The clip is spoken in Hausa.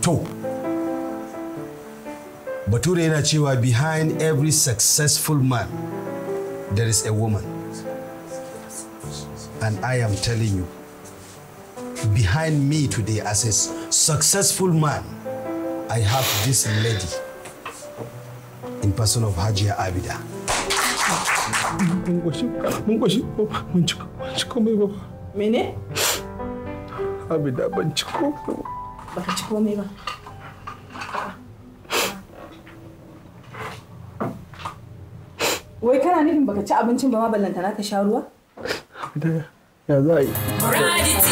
to bature yana cewa behind every successful man there is a woman and i am telling you behind me today as a successful man i have this lady in person of hajiya abida mun kwashi mun kwashi mun cika mun cika mai baba mene abida ban cika baka ci komai ba wai kana nufin baka ci abincin ba ma ballanta na ka sha ruwa ya za a yi